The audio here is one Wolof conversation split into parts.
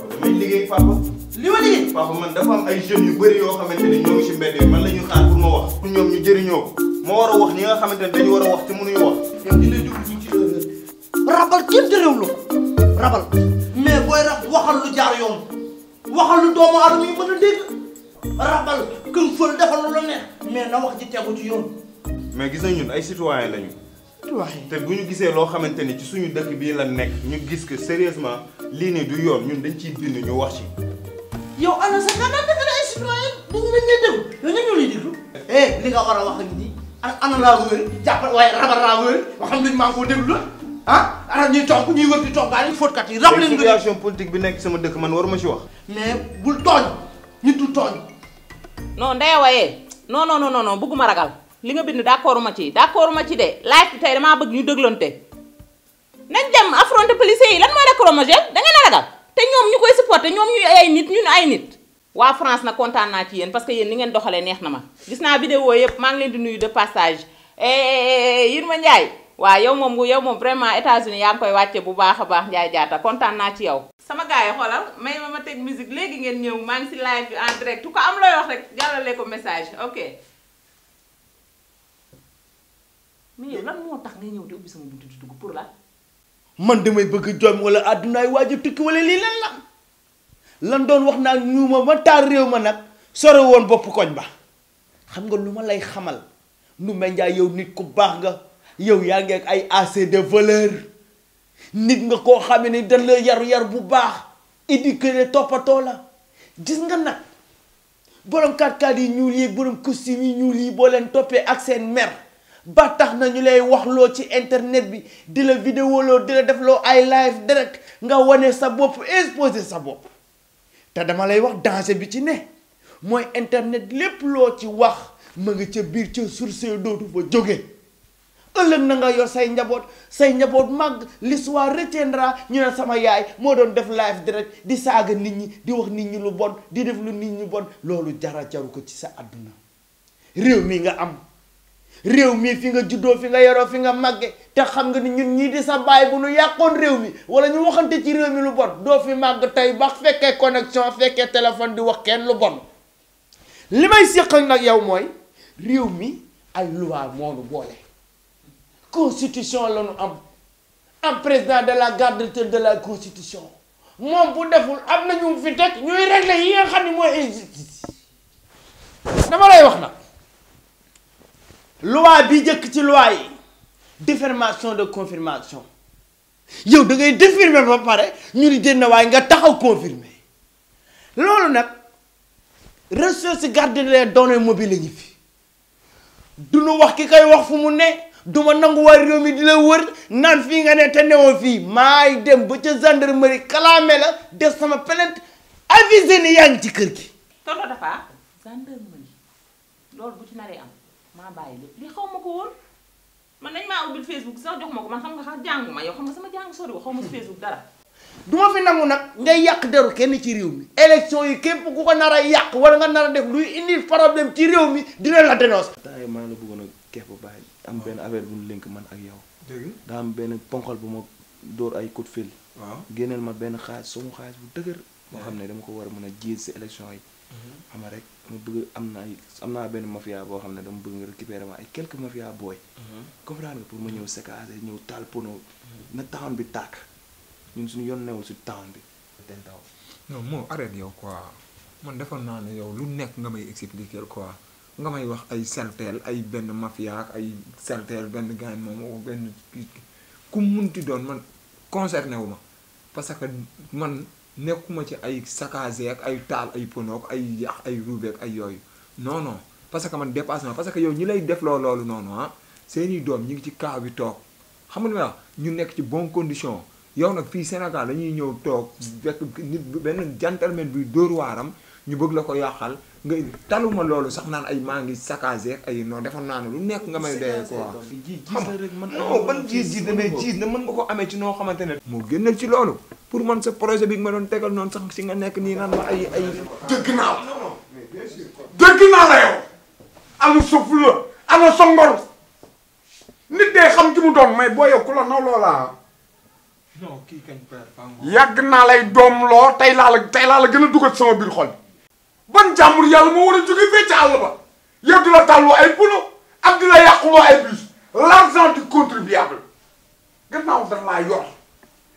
papa damay liggéey papa. li papa man dafa ay jeunes yu bëri yoo xam ne ñoo ngi si mbedd yi man la ma wax. pour ñoom ñu jëriñoo ko. ma war a wax ñi nga xamante ne dañu war a wax te mënuñu wax. ñoom ñu lay dugg ci loolu rabal kenn terewul ko rabal. mais booy rab waxal lu jaar yoon waxal lu doomu aadama yi mën a dégg rabal kën fël defal lu la neex mais na wax ji tegu ci yoon. mais gis nañ ñun ay citoyen lañu. te bu ñu gisee loo xamante ni ci suñu dëkk bii la nekk ñu gis que sérieusement lii nii du yoon ñun dañ ciy bind ñu wax ci. yow ana sa xanaa dafa la ay citoyen dañ lay déglu yow dañu lay déglu. eh li nga war a wax ak nii ana laa wër jàppal waaye rabal laa wër waxam nañ maa ngi koo déglu la ah ara ñuy tonk ñuy wër di tonkaani fóotkat yi rab leen nga situation politique bi nekk sama dëkk man waruma ci wax. mais bul tooñ nit du tooñ. non ndeyawee non non non non bëgguma ragal. li nga bind d'accord ma ci d'accord ma ci de laaj bi tey damaa bëgg ñu dëglante nañ dem affronté policiers yi lan mooy lacrymogène da ngeen a ragal te ñoom ñu koy supporté ñoom ñu ay nit ñu ñun ay nit. waa France na kontaan naa ci yéen parce que yéen ni ngeen doxalee neex na ma gis naa vidéo yëpp maa ngi leen di nuyu de passage eh, eh, eh, Yirma Ndiaye waaw yow moom yow moom vraiment États-Unis yaa ngi koy wàcce bu baax a baax Ndiaye jaata kontaan naa ci yow. sama gars yi xoolal may ma ma léegi ngeen ñëw maa ngi si live am looy wax rek jàllale ko message ok. mais yow moo tax ngay ñëw te ubbi pour la man damay bëgg jom wala àddunaay waaj a tukki wala lii lan la lan doon wax naa ñu ma ma taal réew ma nag sore woon bopp koñ ba xam nga lu ma lay xamal nu menjaa yow nit ku baax nga yow yaa ngi ay assez de valeur nit nga koo xam ne dañ la yaru-yar bu baax éduqué toppatoo la gis nga nag borom kaat kaat yi ñuul yi borom costume yi ñuul yi boo leen toppee ak seen mer ba tax na ñu lay loo ci internet bi di la vidéoloo di la defloo ay live direct nga wane sa bopp exposé sa bopp te dama lay wax danger bi ci ne mooy internet lépp loo ci wax ma ngi ca biir ca source dootu fa jóge ëllëg na nga yor say njaboot say njaboot màgg l'histoire retiendra ñu ne sama yaay moo doon def live direct di saaga nit ñi di wax nit ñi lu bon di def lu nit ñi bon loolu jara jaru ko ci sa àdduna réew mi nga am réew mii fi nga juddoo fi nga yaroo fi nga màgge te xam nga ni ñun ñii di sa baay bu nu yàqoon réew mi wala ñu waxante ci réew mi lu bon doo fi màgg tey ba fekkee connexion fekkee téléphone di wax kenn lu bon li may séqal nag yow mooy réew mi ay loi moo boole constitution la nu am am président de la garde de la constitution moom bu deful am na ñu fi teg ñuy régler yi nga xam ni mooy injustice dama lay wax na loi bi jëkk ci loi yi déformation de confirmation yow da ngay défirmer ba pare ñu ni dénn waaye nga taxaw confirmer loolu nag ressources garde les données mobiles fi du nu wax ki koy wax fu mu ne du ma nangu waa réew mi di la wër naan fii nga ne te newoo fii maay dem ba ca gendarmerie kalaame la def sama plainte avisé ni yaa ngi ci kër gi. tonton damaa bàyyi li xaw ma ko woon man dañ maa ubbil Facebook sax jox ma ko man xam nga xam jàngu ma yow xam nga sama jàngu soriwul xaw ma si Facebook dara. du ma fi nangu nag ngay yàq deru kenn ci réew mi. élection yi képp ku ko nar a yàq wala nga nar a def luy indi problème ci réew mi dina la dénonce. temps yii maa la bëggoon a kepp bàyyi am benn affaire bu ñu lënk man ak yow. dëgg daa am benn ponkal bu ma dóor ay coup de génneel ma benn xaalis sama xaalis bu dëgër. moo eh. xam ne dama ko war a mën a jiit si élection yi xam mhm. nga rek ma bëgg am na am naa benn mafia boo xam ne dama bëgg nga récupérer ma ay quelques mafia booy. Mhm. comprendre nga pour ma ñëw séquence ñëw taal pono mhm. na town bi tàkk ñun suñu yoon newul si town bi. den taw non moo arrête yow quoi man defoon naa ne yow lu nekk nga may expliquer quoi nga may wax ay selteel ay benn mafia ay selteel benn gaañ moom benn ku munti doon man concerné wu ma man. nekkuma ci ay saccagé ak ay taal ay pono ay yàq ay ruube ay yooyu non non parce que man dépassé na parce que yow ñi lay def loolu noonu ah seeni doom ñi ngi ci kaaw bi toog xam nga li ñu nekk ci bon condition yow nag fii Sénégal dañuy ñëw toog fekk nit benn gentleman bi dóor waaram ñu bëgg la ko yàqal nga taluma loolu sax naan ay maa ngi saccagé ay noo defoon naa ne lu nekk nga may dee quoi xam nga non ban jiis jiis damay jiis na mën nga ko amee ci noo xamante ne moo génnal ci loolu pour man sa projet bi nga tegal noon sax si nga nekk nii naan ay ay. dëgg naa la dëgg naa la yow. ana sa fulla ana sa ngor nit day xam ki mu doon may boo yow ku la naw loola non kii naa doom loo tey laa la tey laa la gën a dugal sama biir xol. ban jàmbur yàlla moo war a jóge fee ca àll ba la tàlloo ay puno ak di la yàquloo ay contribuable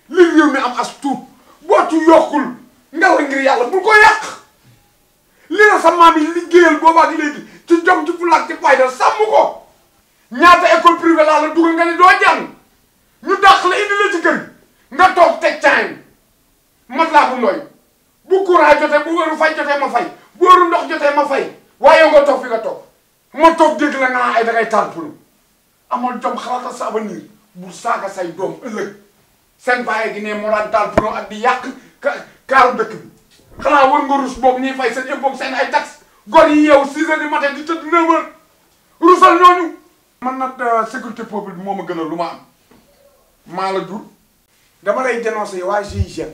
li réew mi am as tuut boo ci yokkul nga la ngir yàlla bul ko yàq li la sa maam yi liggéeyal boobaa gi léegi ci jom ci fulaak ci fayda sàmm ko ñaata école privée laa la dugal nga ni doo jàng ñu dàq la indi la ci kër nga toog teg caayin mat laa bu nooy bu courant jotee bu wëru fay jotee ma fay bu wëru ndox jotee ma fay waaye nga toog fi nga toog ma toog dégg la nga ay dangay tàmpul amal jom xalaatal sa avenir bu saaga say doom ëllëg seen bàyyi di ne Morane Tall pour ak di yàq ka kaaru bi xanaa war nga rus boobu ñuy fay seen impôt seen ay taxes gor yi yow 6 heures du matin di tëdd 9 heures rusal ñooñu. man na euh, sécurité publique bi moo ma gënal lu ma am maa la jur dama lay dénoncer waa GIGN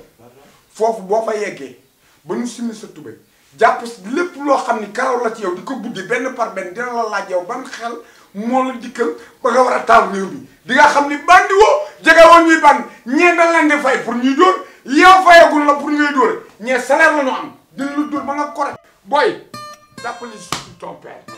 foofu boo fa yeggee ba ñu simi sa tubéy jàpp lépp loo xam ni karaw la ci yow di ko buddi benn par benn dina la laaj yow ban xel moo la dikkal ba nga war a taal réew mi di nga xam ni bandi jege woon ñuy ban ñee dañ leen di fay pour ñuy dóor yow fayagul la pour ngay dóor ñee salaire la am dina lu dóor ba nga correct booy jàppale ton père